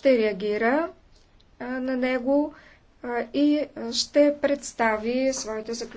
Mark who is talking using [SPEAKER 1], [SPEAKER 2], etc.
[SPEAKER 1] ще реагира на него и ще представи своите заключения.